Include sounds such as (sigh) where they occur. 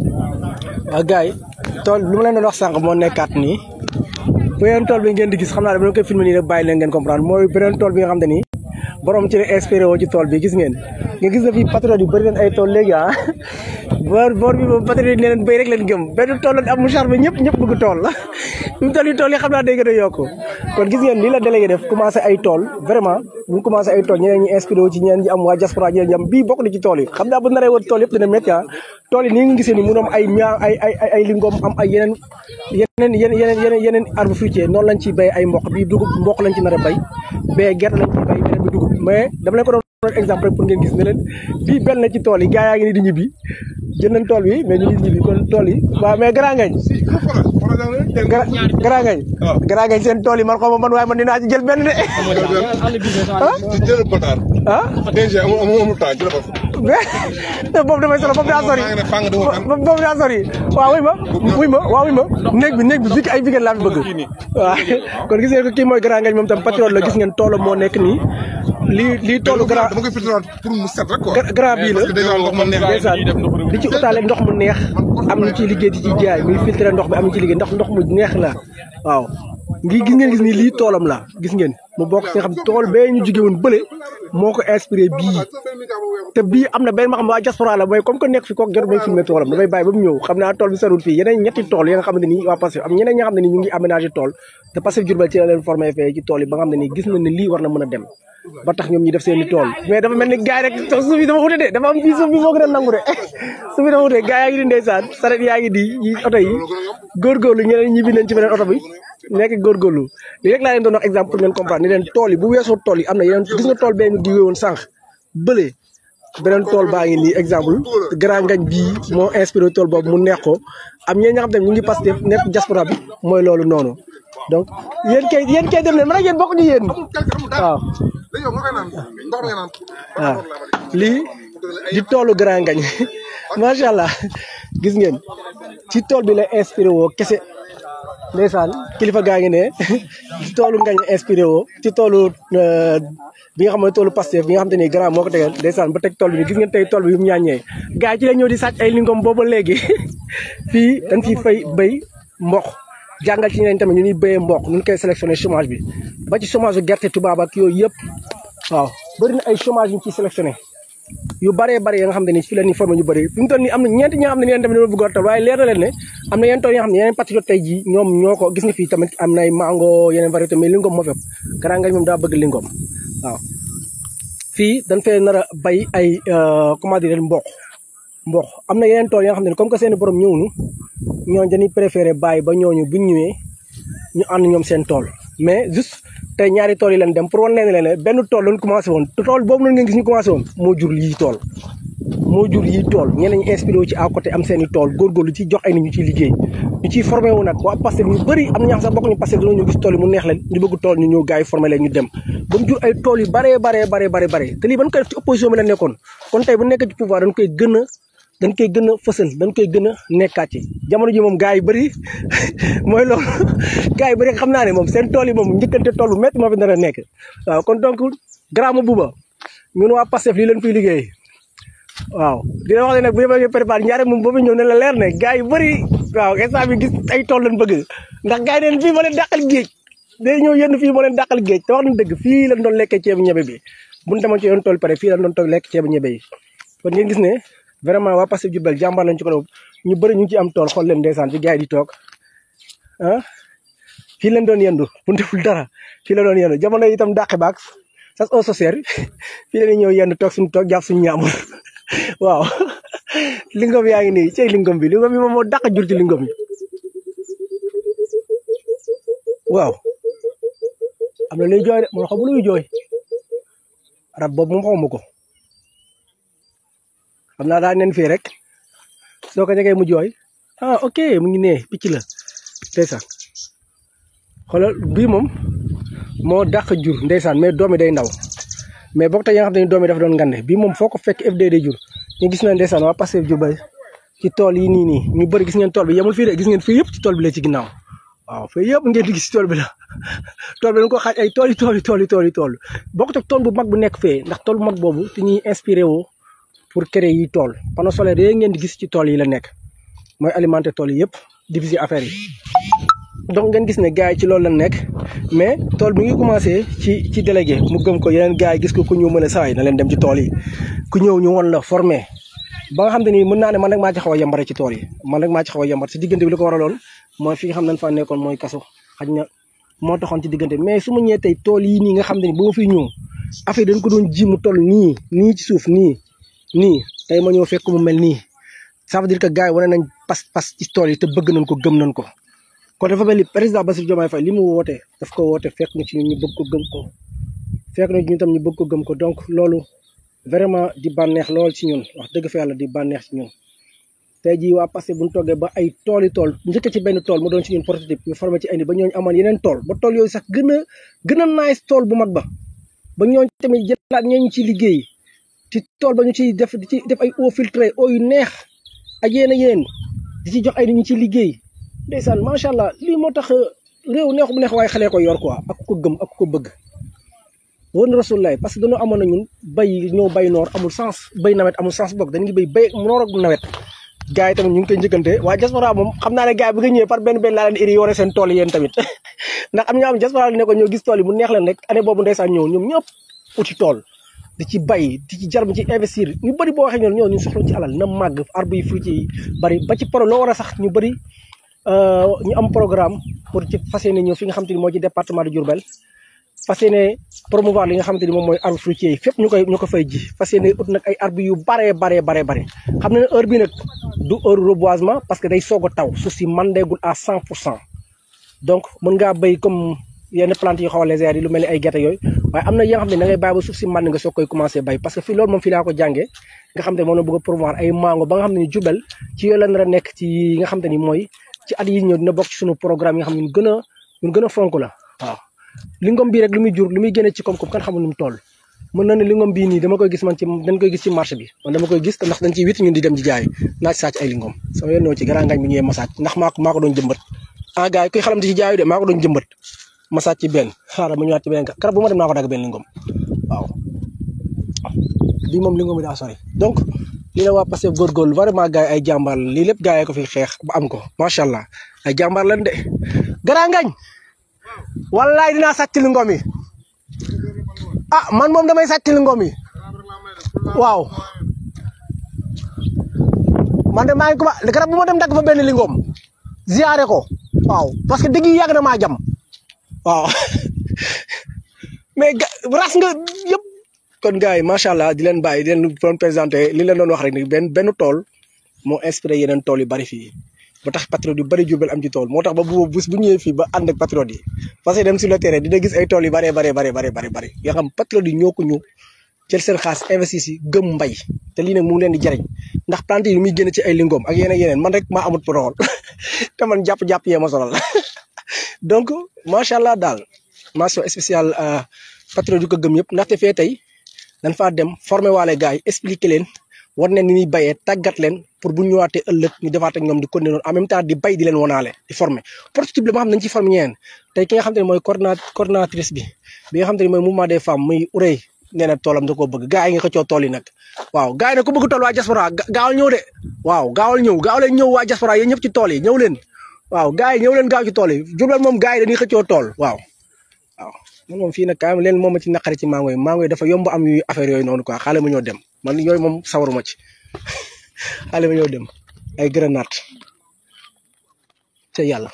waaw ah, gars yi tool lu ma leen doon wax sànq moo nekkaat nii beneen tool bi ngeen di gis xam naa dama koy filmé nii rek bàyyi leen ngeen comprendre mooy beneen tool bi nga xam ne nii borom ci la inspiré woo ci tool bi gis ngeen nga gis na fi patriote yu bëri leen ay tool léegi ah boor boor bi moom patriote nee leen béy rek leen gëm benn tool la am mu charme ñëpp ñëpp (laughs) tool yi xam naa day gën a yokku kon gis ngeen lii la délégué def commencé ay tool bii bokk na ci tool yi xam naa bu naree woon tool yëpp dina métti ah. tool yi nii nga gisee ni mënoom ay ay lingoom am ay yeneen yeneen yeneen yeneen yeneen arbre ci bay ay mboq bi dugub mboq lañ ci nar a bay gerte lañ ci bay bi dugub mais dama leen ko par exemple pour ngeen gis ne leen fii benn la ci tool yi gaa yaa ngi ni di ñibbi jël nañ tool bi mais ñu ngi ñibbi kon tool yi waaw mais Grand Ngagne Grand Ngagne Grand Ngagne seen tool yi man xaw ma man waaye man dinaa ci jël benn de ah boobu damay solo boobu daa sori boobu daa sori waaw wuy ma wuy ma waaw ma néeg bi néeg bi fii ay weekend laa fi bëgg waaw (laughs) kon gis ngeen ko kii mooy Grand Ngagne moom tam patriote la gis ngeen toolam moo nekk nii li lii toolu garab dama koy filtrewaat pour mu set rek quoi. garab yi la li ci utaale ndox mu neex am na ci liggéey di ci jaay muy filtre ndox mi am na ci liggéey ndax ndox mu neex la waaw. ngi gis ngeen gis ni lii toolam la gis ngeen mu bokk nga xam tool bee ñu jóge woon bële moo ko inspiré bii te bii am na benn ma xam waa diaspora la mooy comme ba mu ñëw xam ne nii ñu ngi aménagé tool te Pastef Diourbel ci la leen formé fee ci tool yi ba nga xam ne nii gis na ne lii war na mën a dem ba tax ñoom ñi def seen i tool mais dafa mel ni gars yi rek suuf yi dafa wute de dafa am fii suuf bi moo gën a nangu de (laughs) suuf bi dafa wute gars yaa ngi nekk góorgóorlu li rek laa leen doon wax exemple ngeen comprendre ni leen tool yi bu weesoo tool yi am na yeneen gis nga tool bee ñu diwee woon sànq bële beneen tool baa ngi nii exemple grand ngañ bii moo inspiré tool boobu mu neex ko am ñeen ña xam tamit ñu ngi Pastef nekk diaspora bi mooy loolu noonu donc yéen kay yéen kay dem leen man ak yéen bokkuñu yéen waaw waaw ah. lii di toolu grand ngañ (laughs) macha allah gis ngeen ci tool bi la inspiré woo kese ndeysaan kilifa gaa ngi ne ci toolu ngañ inspiré woo ci toolu euh, bi nga xam ne toolu Pastef bi nga xam te ni grand moo ko tegal ndeysaan ba teg tool bi gis ngeen tey tool bi yu mu ñaañee gaa yi ci (laughs) fii dañ fi fay béy mboq jàngal ci ñeneen tamit ñu ñuy béyee mboq ñu koy sélectionné chômage bi ba ci chômage gerte tubaab ak yooyu yëpp waaw bëri ay chômage yu ñu ciy sélectionné yu bare bare yi ya nga xam ne ci la ñuy formé ñu bëri fi mu toll nii am ñi nga xam ne yéen tamit ñoo bëggoon tool leen ne am na yi nga yeneen patriote tey jii ñoom ñoo gis nga fii tamit am ay mango yeneen variété mais lingom moo fépp grand ngañ moom daa bëgg lingom waaw fii dañ fee nar bay ay euh, comment dire yeneen tool yi nga comme que seen borom ba ñu seen tool mais juste te ñaari tool yi lañ dem pour wan leen leen benn tool lañ commencé woon tool boobu noonu ngeen gis ñu commencé woon moo jur lii tool moo jur yi tool wu ci à seen i tool góorgóorlu ci jox ñu ciy liggéey ñu ciy formé wu nag yi mu neex leen ñu bëgg tool ñu ñëw gars yi formé dem ba mu jur ay tool yu baree baree baree baree baree te lii ban koy def ci opposition bi la nekkoon kon tey bu nekkee ci pouvoir dañ koy gën dañ koy gën a fësal dañ koy gën a nekkaat ci jamono ji moom gars yi bëri (laughs) mooy loolu (laughs) gars yi bëri xam naa ne moom seen tool yi moom njëkkante tool bu métti moo fi dana nekk waaw kon donc Grand Bouba ñun waa Pastef lii leen fiy liggéey waaw dina wax ne nag bu ñu ko préparé ñaare moom boobu ñëw ne la leer ne gars yi bëri waaw instant bi tool lañ bëgg ndax gars yi neen fii moo géej day ñëw yenn fii moo leen géej te wax dëgg fii lañ doon lekkee ceeb ñebe bi buñ demoon ci yoon tool pare fii lañ doon toog lekk ceebu ñebe yi kon ngeen gis ne vraiment waa Pastef Diourbel jàmbaar lañ ci ko ñu bëri ñu ngi ci am tool xool leen ndeysaan fi gars yi di toog ah doon yendu bu deful dara fii la doon yendu jamono itam dàqe baak sas au socière fii la ñuy ñëw yendu toog suñu toog jàpp (laughs) waaw (laughs) lingom yaa ngi nii cey lingom bi lingom bi moom moo dàq jur ci lingom yi am na luy jooy de moo xam lu muy jooy rab boobu moom xawma xam naa daa nen fii rek soo ko mu jooy ah ok mu ngi nee picc la ndeysaan xoolal bii moom moo dàq jur ndeysaan mais doomi day ndaw mais bokk te yi nga xam ne doomi dafa doon ngande bii moom foo ko fekk FDD jur ñu gis na ndeysaan waa Pastef jur ba ci tool yi nii nii ñu bëri gis ngeen tol bi yemul fii de gis ngeen fii yëpp ci tool bi la ci ginnaaw waaw fii yëpp ngeen di gis ci tool bi la (laughs) tool bi dañ ko xaaj ay tool yi tool yi tool yi tool yi tool bokk te tool bu mag bu nekk fee ndax tool bu mag boobu te ñuy inspiré woo pour créer yi tool panneau solaire yooyu ngeen di gis ci tool yi la nekk mooy alimenter tool yi diviser affaire yi donc ngeen gis ne gars yi ci loolu la nekk mais tool bi ngi commencé ci ci délégué mu gëm ko yeneen gars gis ko ku ñëw mën a saay na leen dem ci tool yi ku ñëw ñu won la formé ba nga xam te ni mën naa ne man rek maa ci xaw a ci tool yi man rek maa ci xaw yambar si diggante bi li ko waraloon mooy fi nga xam ne fa nekkoon mooy kaso xaj na moo taxoon ci diggante mais su ma ñëwee tey tool yi nii nga xam ne ni ba affaire dañ ko doon ji mu toll nii ci suuf nii nii tey ma ñëw fekk mu mel nii ça veut dire que gars yi wane nañ pas-pas ci tool yi te bëgg nañ ko gëm nañ ko kon dafa mel ni président Bassirou Diomaye Faye li mu wootee daf ko woote fekk na ci ñun ñu bëgg ko gëm ko fekk ñu tam ñu bëgg gëm ko donc loolu vraiment di bànneex lool ci ñun wax dëgg fa yàlla di bànneex ci ñun te jii waa passé buñ toggee ba ay tooli tool njëkk ci benn tool mu doon ci ñun prototype ñu formé ci ay nit ba ñooñu amoon yeneen tool ba tool yooyu sax gën a gën a nice tool bu mag ba ba ñooñu tamit jëlaat ñooñu ci liggéey ci tool ba ñu ciy def di ci def ay eau filtrée eau yu neex ak yéen a yéen di ci jox ay ni ñu ci liggéey ndeysaan macha allah lii moo tax uh, réew neexu bu neex waaye xale ko yor quoi ak ko gëm ak ko bëgg wër na rasulullaay parce que na ñun bay ñoo noor amul sens bay nawet amul sens boog dañu ngi bay ak nawet gars tamit ñu ngi koy njëkkante waaye diaspora moom xam naa ne gars yi bu nga ñëwee par benn benn laa leen yore seen tool yi yéen tamit (laughs) ndax am ñoo am diaspora ñoo gis tool yi mu neex leen rek année boobu ndeysaan ñëw ñoom ñëpp uti tool di ci bay di ci jar ci investir ñu bari boo waxee ñoom ñoo ñu soxla ci alal na màgg arbre yi fruitier yi bëri ba ci pro loo war a sax ñu bëri euh, ñu am programme pour ci fas yéene ñëw fi nga xam te moo ci département de Diourbel fas yéene promouvoir li nga xamante ni moom mooy arbre fruitier yi fépp ñu koy ñu ko fay ji fas yéene ut nag ay arbre yu baree baree baree bare xam ne heure bi nag du heure reboisement parce que day soog a taw suuf si mandeegul à cent pour cent donc mën ngaa béy comme yenn plantes yi xaw a léger yi lu mel ni ay yooyu waaye am na yi nga xam ne da ngay bàyyi ba suuf si mànn nga soog koy commencé bay parce que fii loolu moom fii laa ko jàngee nga xam te moom bëgg promouvoir ay mango ba nga xam ne jubel ci yoo leen a nekk ci yi nga xam te ni mooy ci at yi ñëw dina bokk ci suñu programme yi nga xam ne ñun gën a ñun gën a fonk la waaw li ngom bii rek lu muy jur lu muy génne ci koom-koom kan xamul nu mu toll mën na ne li ngom bii dama koy gis man ci dañ koy gis ci marché bi man dama koy gis ndax dañ ciy witt ñun di dem di jaay naaj sàcc ay li sama yoon ci garangaañ bi ñëwee masaaj ndax maa ko doon jëmbat ah gars yi koy xalamte ci jaayu de maa doon jëmbat ma sàcc benn xaaral ma ñëwaat ci beneen garab bu ma dem naa ko dagg benn lingom waaw bi moom lingom bi daa sori donc li la waa Pastef góorgóorlu vraiment gars yi ay jàmbaar la lii lépp ko fi xeex ba am ko macha ay jàmbaar lañ de garaa ngañ wallaay dinaa sàcc lingom yi ah man moom damay sàcc lingom yi waaw man de maa ngi ko garab bu ma dem dagg fa benn lingom ziare ko waaw parce que dëgg yi yàgg na maa jam Oh, (laughs) mega beras nga yep. kon gars masya allah dilan leen dilan di leen doon présenté li leen doon wax rek ni benn benn tool moo inspiré yeneen tool yu bari fi ba tax patriote yu bari jubel am ci tool moo tax ba bu bés bu ñëwee fii ba ànd ak patriote di parce que dem sur le terrain dina gis ay tool yu baree baree baree baree baree baree xam ñu jël xaas mbay te mu di jariñ ndax plante yi muy génn ci ay lingoom ak yeneen yeneen man rek maa amut parole (laughs) te man jàpp-jàpp (laughs) donc macha allah daal mention spéciale euh, patriote yu ko gëm yëpp ndaxte fee tey dañ faa dem former waale gars yi expliquer leen war ne ni ñuy béyee leen pour bu ñëwaatee ëllëg ñu defaat ak ñoom di continuer en même temps di bay di leen wonaale di former prototype la ma xam nañ ci former ñeen tey ki xam te ne mooy coordonnateur coordonnatrice bi bi nga xam te ne mooy mouvement des femmes muy urey nee toolam da koo bëgg gars yi nga xëccoo tool yi nag waaw gars yi nag ku bëgg tool waa diaspora gaawal ñëw waaw gaawal ñëw gaawal ñëw waa diaspora yéen ñëpp ci tool yi ñëw leen waaw gars yi ñëw leen gaaw ci tool yi Diourbel moom gars yi dañuy xëccoo tool waaw waaw man moom fii nag kaay leen moom ma ci naqari ci mango yi mango yi dafa yomb am yu affaire yooyu noonu quoi xaale ma ñoo dem man yooyu moom ma ci (laughs) xaale ma ñoo dem ay grenade te yàlla